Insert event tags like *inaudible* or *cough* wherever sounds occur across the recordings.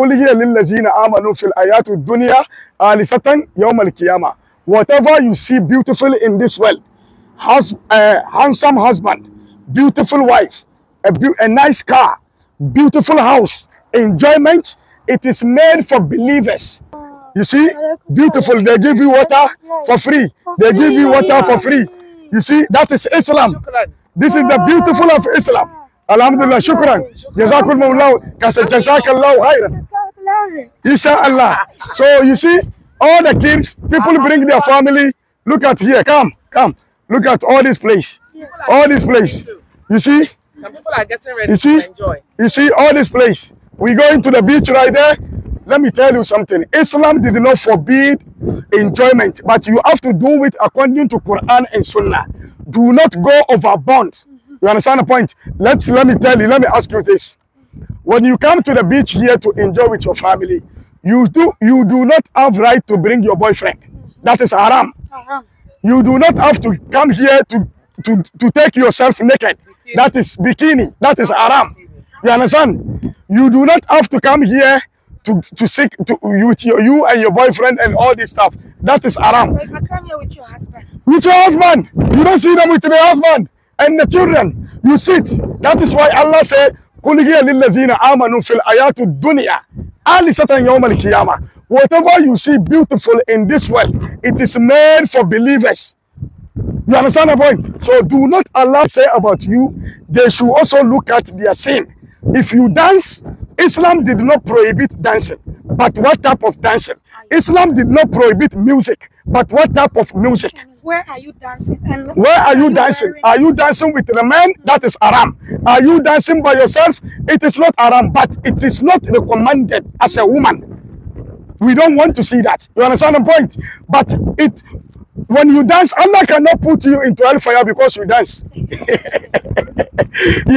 Qul hiya lillazina amanu fil ayatu dunya alisatan yawm al-qiyamah. Whatever you see beautiful in this world, has, a handsome husband, beautiful wife, a, be a nice car, beautiful house, enjoyment, it is made for believers. You see, beautiful, they give you water for free. They give you water for free. You see, that is Islam. This is the beautiful of Islam. Alhamdulillah, shukran. Jazakumullah. Jazakallah khairan. Inshallah. So you see, all the kids, people bring their family. Look at here. Come, come. Look at all this place. All this place. You see? Some people are getting ready you see? to enjoy. You see all this place. We go into the beach right there. Let me tell you something. Islam did not forbid enjoyment, but you have to do it according to Quran and Sunnah. Do not go overbound you understand the point? Let's let me tell you, let me ask you this. When you come to the beach here to enjoy with your family, you do you do not have right to bring your boyfriend. That is haram. haram. You do not have to come here to to, to take yourself naked. That is bikini. That is haram. You understand? You do not have to come here to to seek to you your, you and your boyfriend and all this stuff. That is haram. Like I come here with your husband. With your husband. You don't see them with your husband and the children. You see it. That is why Allah said, Alisatan Whatever you see beautiful in this world, it is made for believers. You understand my point? So do not Allah say about you, they should also look at their sin. If you dance, Islam did not prohibit dancing. But what type of dancing? Islam did not prohibit music. But what type of music? Where are you dancing? And Where are you dancing? Are you dancing with the men? That is haram. Are you dancing by yourself? It is not haram, but it is not recommended as a woman. We don't want to see that. You understand the point? But it, when you dance, Allah cannot put you into hellfire because you dance. *laughs* you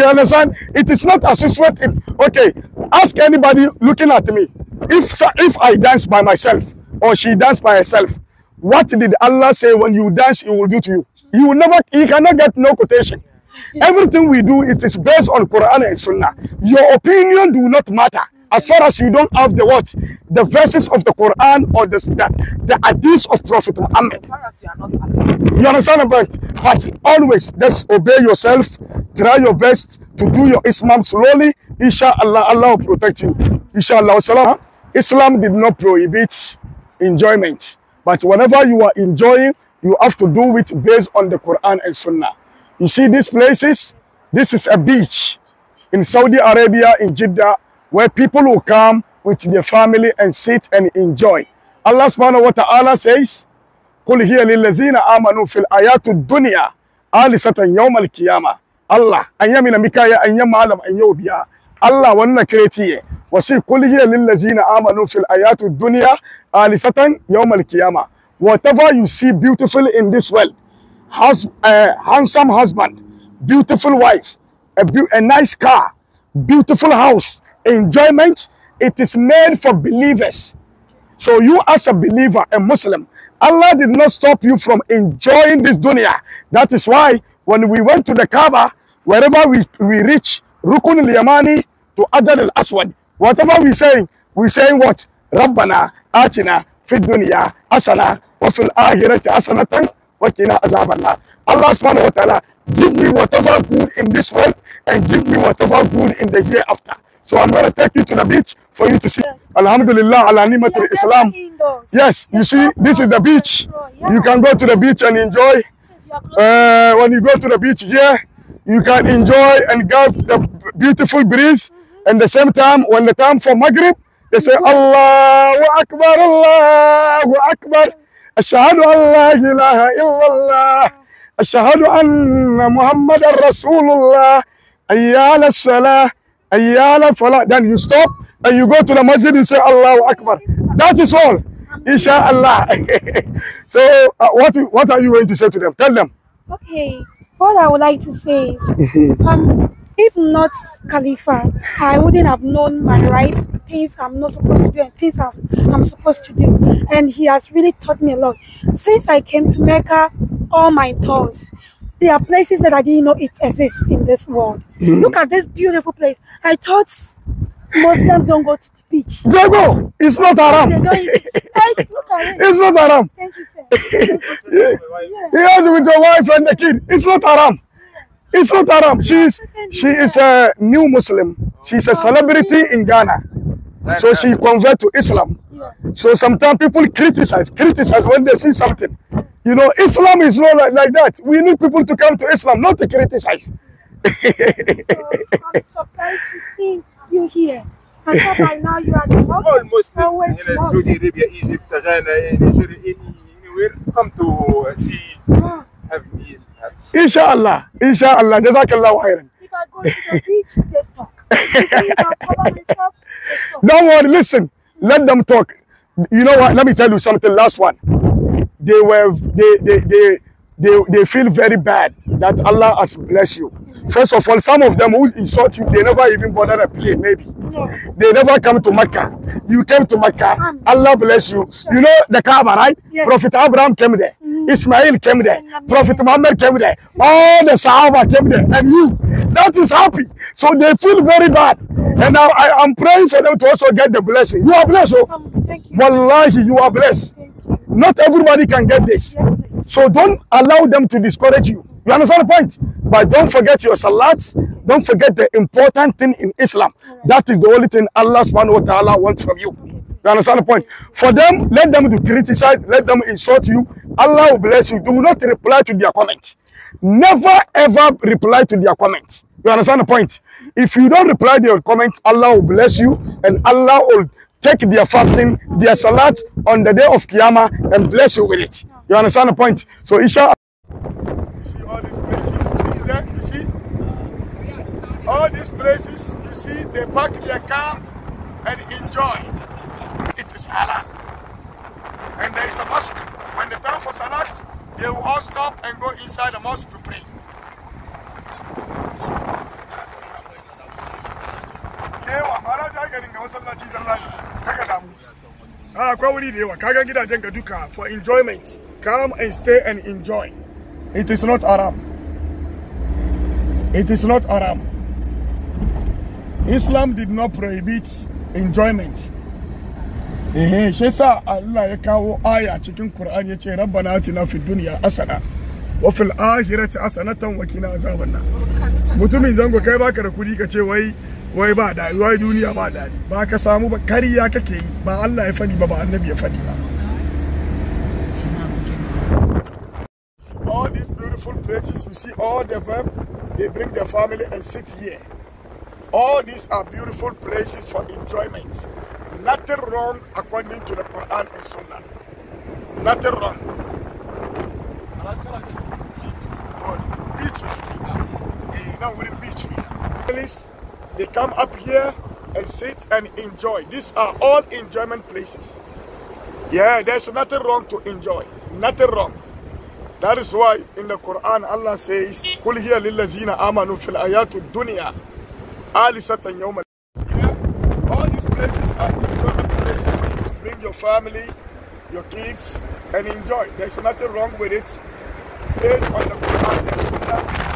understand? It is not associated. Okay, ask anybody looking at me. If if I dance by myself or she dance by herself, What did Allah say when you dance, He will do to you? You will never, He cannot get no quotation. Everything we do, it is based on Quran and Sunnah. Your opinion do not matter as far as you don't have the what the verses of the Quran or the the, the hadith of Prophet Muhammad. As as you, you understand, but but always just obey yourself. Try your best to do your Islam slowly. Inshallah, Allah will protect you. Inshallah, Islam did not prohibit enjoyment. But whatever you are enjoying, you have to do it based on the Quran and Sunnah. You see these places? This is a beach in Saudi Arabia, in Jeddah, where people will come with their family and sit and enjoy. Allah subhanahu wa ta'ala says, قُلْ هِيَ لِلَّذِينَ آمَنُوا فِي الْآيَاتُ الدُّنْيَا آلِسَةً يَوْمَ Allah, Allah wanna create wasi kul hiya amanu fil ayati dunya alisatan yawmal qiyama whatever you see beautiful in this world has a handsome husband beautiful wife a, be a nice car beautiful house enjoyment it is made for believers so you as a believer a muslim Allah did not stop you from enjoying this dunya that is why when we went to the Kaaba wherever we, we reach Rukun Yamani to Ajad al-Aswad. Whatever we're saying, we're saying what? Rabbana, Atina, Fidunya, Asana, Wafil Ahirati, Asanatan, Wakina Azabanna. Allah subhanahu wa ta'ala, give me whatever good in this world and give me whatever good in the year after. So I'm going to take you to the beach for you to see. Yes. Alhamdulillah, ala nimatul Islam. Yes, you see, this is the beach. You can go to the beach and enjoy. Uh, when you go to the beach here, you can enjoy and get the beautiful breeze. And the same time, when the time for Maghrib, they say, Allahu Akbar, Allahu Akbar. أشهد أن لا إله إلا الله أشهد أن محمد رسول الله أيال then you stop and you go to the masjid and say Allahu Akbar that is all Insha'Allah *laughs* so uh, what what are you going to say to them tell them okay what I would like to say is *laughs* um, if not Khalifa, I wouldn't have known my rights, things I'm not supposed to do, and things I'm supposed to do. And he has really taught me a lot. Since I came to Mecca, all my thoughts, there are places that I didn't know it exists in this world. Hmm. Look at this beautiful place. I thought Muslims don't go to the beach. Don't go. It's not haram. It's not haram. Thank you, sir. yeah. *laughs* He has with your wife and the kid. It's not haram. It's not haram. She's she is a new Muslim. She's a celebrity in Ghana. So she convert to Islam. So sometimes people criticize, criticize when they see something. You know, Islam is not like, like that. We need people to come to Islam, not to criticize. so, I'm surprised to see you here. I thought by now you are the most All Muslims in Saudi Arabia, Egypt, Ghana, eh, Nigeria, anywhere come to eh, see. Yeah. Inshallah, inshallah, jazakallah khairan. If I go to the beach, *laughs* they talk. Don't worry, listen, let them talk. You know what, let me tell you something, last one. They were, they, they, they, they, they feel very bad that Allah has blessed you. First of all, some of them who insult you, they never even bother to pray. maybe. Yeah. They never come to Mecca. You came to Mecca. Um, Allah bless you. Sure. You know the Kaaba, right? Yes. Prophet Abraham came there. Mm. Ismail came there. Prophet Muhammad came there. All the Sahaba came there. And you, that is happy. So they feel very bad. And now I, am praying for them to also get the blessing. You are blessed, oh? Um, thank you. Wallahi, you are blessed. Not everybody can get this. so don't allow them to discourage you. You understand the point? But don't forget your salat. Don't forget the important thing in Islam. That is the only thing Allah subhanahu wa ta'ala wants from you. You understand the point? For them, let them to criticize, let them insult you. Allah will bless you. Do not reply to their comment. Never ever reply to their comment. You understand the point? If you don't reply to your comment, Allah will bless you and Allah will take their fasting, their salat on the day of Qiyamah and bless you with it. You understand the point? So Isha. You see all these places, is there? You see? All these places, you see, they park their car and enjoy. It is halal. And there is a mosque. When the time for salat, they will all stop and go inside the mosque akwai wuri da yawa kaga gidajen ga duka for enjoyment come and stay and enjoy it is not haram it is not haram islam did not prohibit enjoyment ehe shi sa Allah ya kawo aya cikin Qur'ani yace rabbana atina fid dunya asana wa fil akhirati asanatan wa qina azabanna. mutumin zango kai baka da kudi ka ce wai wai ba da wai duniya ba da ba ka samu ba kariya kake yi ba Allah ya fadi ba ba annabi ya fadi ba all these beautiful places you see all the them they bring their family and sit here all these are beautiful places for enjoyment nothing wrong according to the Quran and Sunnah nothing wrong but beach is here now we're in beach here Please. They come up here and sit and enjoy. These are all enjoyment places. Yeah, there's nothing wrong to enjoy. Nothing wrong. That is why in the Quran Allah says, Kul hiya lillazina amanu fil ayatu dunya All these places are enjoyment places for you to bring your family, your kids, and enjoy. There's nothing wrong with it. Based on the Quran and Sunnah.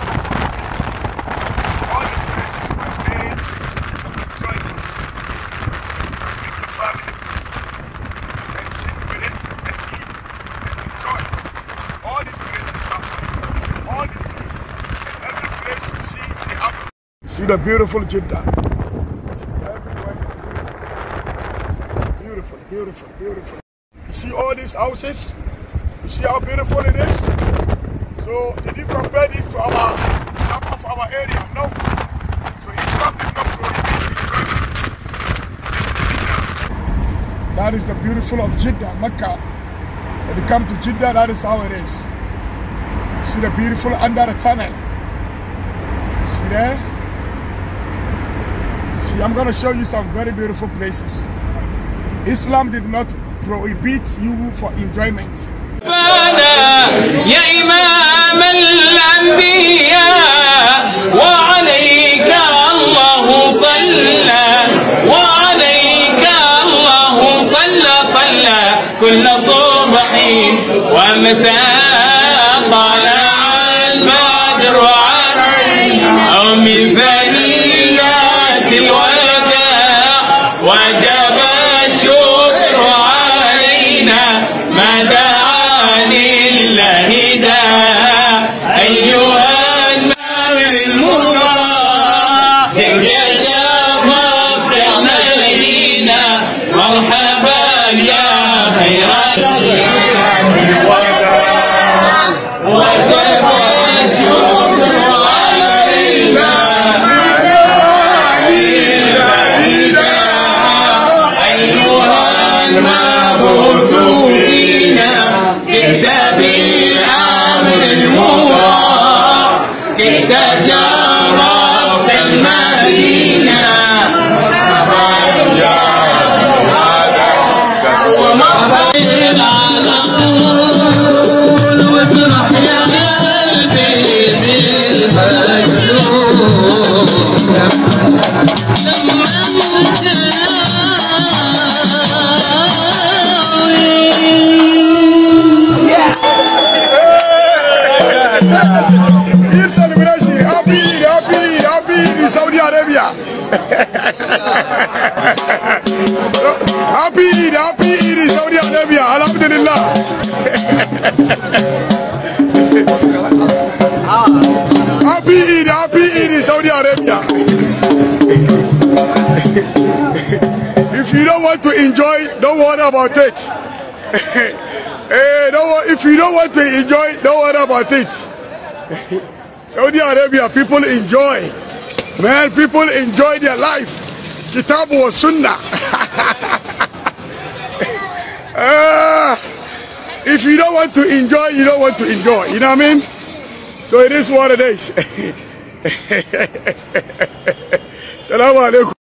the beautiful Jeddah. Beautiful, beautiful, beautiful. You see all these houses? You see how beautiful it is? So did you compare this to our some of our area? No. So Islam is not That is the beautiful of Jeddah, Mecca. When you come to Jeddah, that is how it is. You see the beautiful under the tunnel. See there? I'm going to show you some very beautiful places. Islam did not prohibit you for enjoyment. المبعوث فينا جئت به happy Eid, happy Eid Saudi Arabia. Alhamdulillah. happy Eid, happy Eid Saudi Arabia. if you don't want to enjoy, don't worry about it. hey, *laughs* eh, don't, if you don't want to enjoy, don't worry about it. *laughs* Saudi Arabia, people enjoy. Man, people enjoy their life kitabu wa sunna uh, if you don't want to enjoy you don't want to enjoy you know what i mean so it is what it is *laughs* salamu alaikum